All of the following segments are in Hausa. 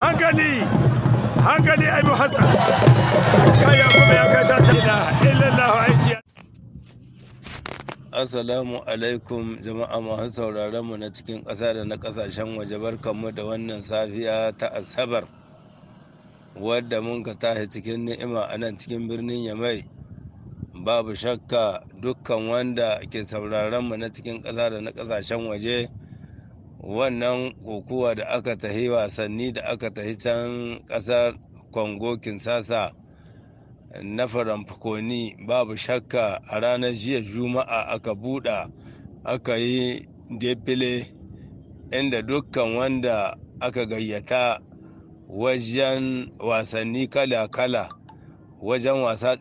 hankali hankali abu hassan kaya kuma ya kai tashi ila illallahu aiki Assalamu alaikum jama'a masu sauraron mu na cikin ƙasa da na ƙasashen waje barkanmu da wannan safiya ta asabar wadda mun ka tashi cikin ni'ima a nan cikin birnin yamai babu shakka dukkan wanda ke sauraron mu na cikin ƙasa da na ƙasashen waje wannan kokowa da aka tahi wasanni da aka tahi can ƙasar kongo kinsasa na faramfakoni babu shakka a ranar jiya juma'a aka buɗa aka yi defile inda dukkan wanda aka gayyata wajen wasanni kala-kala wajen wasa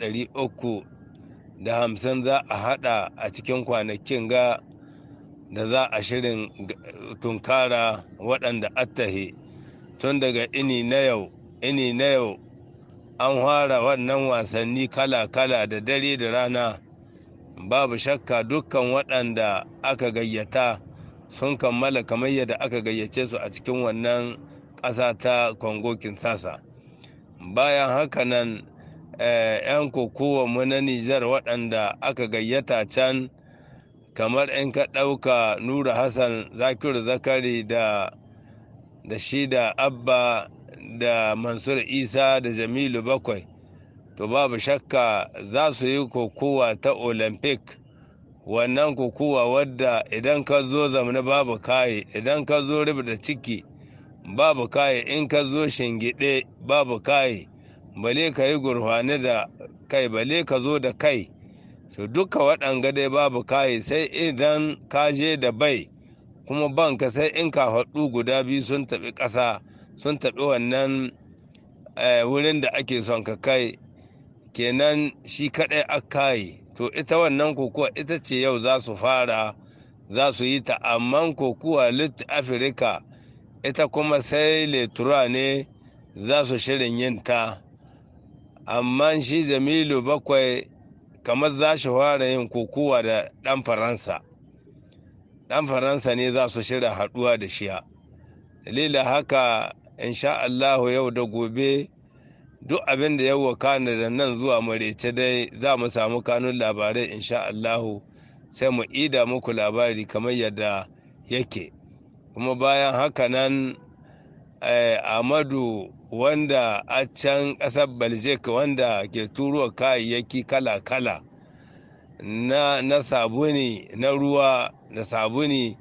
da hamsin za a hada a cikin kwanakin ga da za a shirin tunkara waɗanda attahe tun daga ini na yau ini na yau an fara wannan wasanni kala-kala da dare da rana babu shakka dukkan waɗanda aka gayyata sun kammala kamar yadda aka gayyace su a cikin wannan ƙasa ta kongo kinsasa bayan haka nan 'yan eh, kokowa mu na nijar waɗanda aka gayyata can kamar in ka ɗauka nura hassan zakiru zakari da da shi da abba da mansur isa da jamilu bakwai to babu shakka za su yi kokowa ta olympic wannan kokowa wadda idan ka zo zamani babu kayi idan ka zo da ciki babu kayi in ka zo shingide babu kayi bale ka yi gurfani da kai bale ka zo da kai so duka waɗanga dai babu kayi sai idan ka je da bai kuma banka sai in ka haɗu guda biyu sun taɓi ƙasa sun taɓi wannan eh, wurin da ake son ka kai kenan shi kaɗai a kayi to ita wannan kokuwa ita ce yau za su fara za su yi ta amma kokuwa lit afirka ita kuma sai letura ne za su shirin yin ta amma shi jamilu bakwai kamar za shi fara yin kokowa da ɗan faransa ɗan faransa ne za su shirya haɗuwa da shiya dalilin haka insha allahu yau da gobe duk abin da ya wakana da nan zuwa marece dai za mu samu kanun labarai insha allahu sai mu ida muku labari kamar yadda yake kuma bayan haka nan eh, amadu wanda a can ƙasar Belgium wanda ke turo kayayyaki kala-kala na, na sabuni na ruwa da sabuni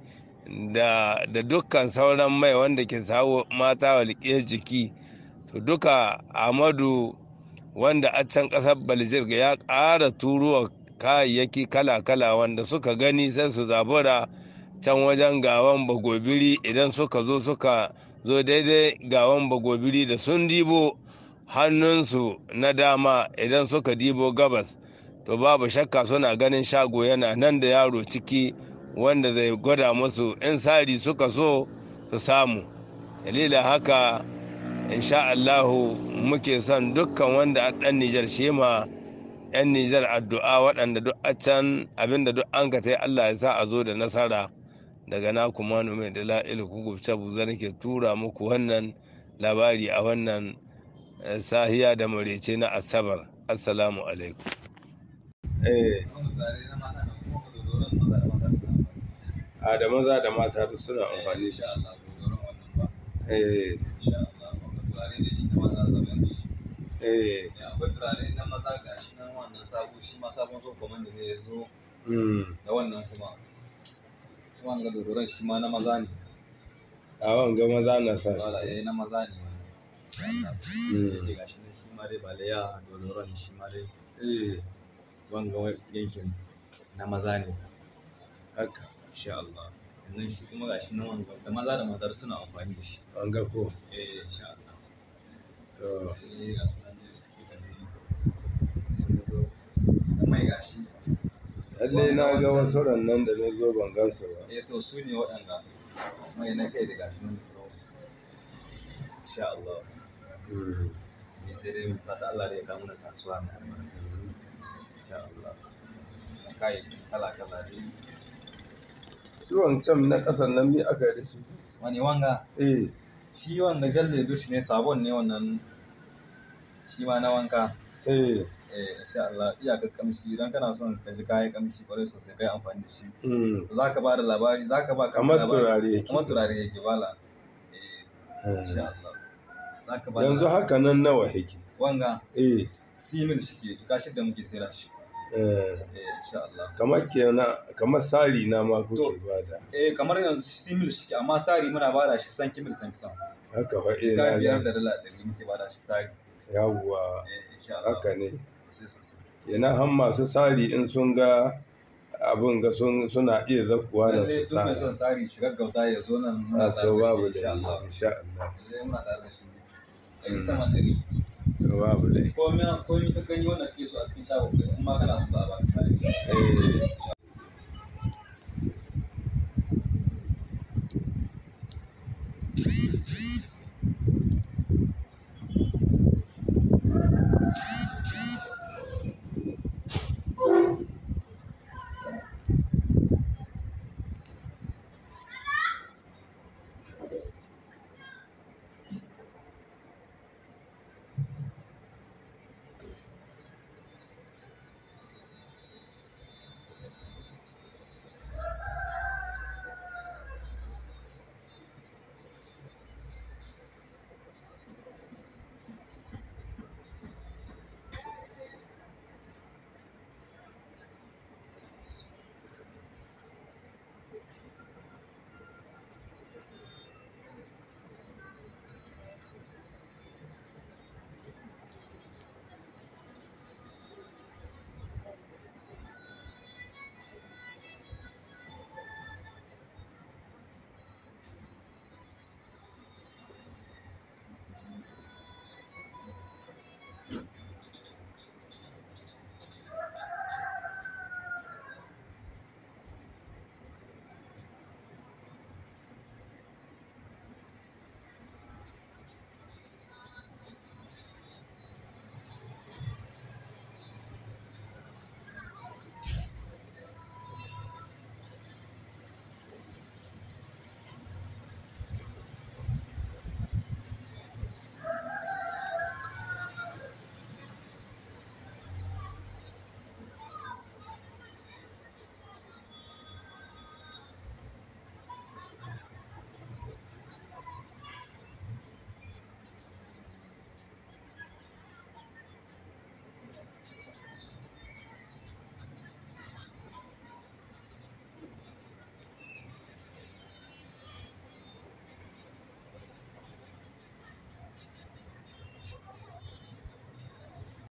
da, da dukkan sauran mai wanda ke sawo mata walƙiyar jiki to duka amadu wanda a can ƙasar Belgium ya ƙara turuwa kayayyaki kala-kala wanda suka gani sai su zabura can wajen gawan bagobiri idan suka zo suka zo daidai ga wamba gobiri da sun dibo hannunsu na dama idan suka dibo gabas to babu shakka suna ganin shago yana nan da yaro ciki wanda zai gwada musu in sari suka so su samu dalilin haka insha Allahu muke son dukkan wanda a ɗan Nijar shema 'yan Nijar addu'a waɗanda duk a can abinda duk an ka Allah ya sa a zo da nasara daga na kuma mai da la'ilu kugubta zan ke tura muku wannan labari a wannan eh, sahiya da marece na asabar assalamu alaikum eh. a ah, da maza da mata duk suna amfani da shi akwai turare na maza ga shi nan wannan sabo shi ma sabon zo kwamandu ne ya zo da wannan kuma wanga dodoron shi ma na maza ne a wanga maza na sa wala yayi eh, na maza ne ke mm. gashi na shi ma dai balaya dodoron shi ma eh. wanga yankin na maza ne haka insha Allah shi kuma na wanga da maza da matar suna amfani da shi wanga ko eh insha Allah to eh lalle na ga wasu rannan da na zo ban gansu ba eh to su ne waɗanda mai na kai daga shi nan su insha Allah hmm. ne sai dai mu fata Allah da ya kamu na kasuwa amma insha Allah na kai kala kala ne shi wancan na ƙasar nan ne aka yi da shi wani wanga eh shi wanga jalle dushi ne sabon ne wannan shi ma na wanka Eh, eh insha Allah iyakar kamshi idan kana son ka ji kayan kamshi kwarai sosai kai amfani da shi. Hmm. Za ka ba da labari za ka ba kamar turare yake. Kamar turare yake bala. Eh, eh insha Allah. Za ba Yanzu haka nan nawa yake? Wanga. Eh. Simin shi ke duka shi da muke sayar shi. Eh. Eh, kamar kenan kamar sari na ma kuke bada eh kamar yanzu simil shi amma sari muna bada shi san kimil san san haka fa eh biyar da dala ɗari muke bada shi sari yawwa haka ne kenan han masu sari in sun ga abin ga suna iya zakuwa da su sa sun sari shi gaggauta ya zo nan muna da ah, babu da insha Allah muna da shi kai sama hmm. dari to babu dai ko mai ko mai ka gani wannan kiso a cikin shago kai amma kana so ba ba eh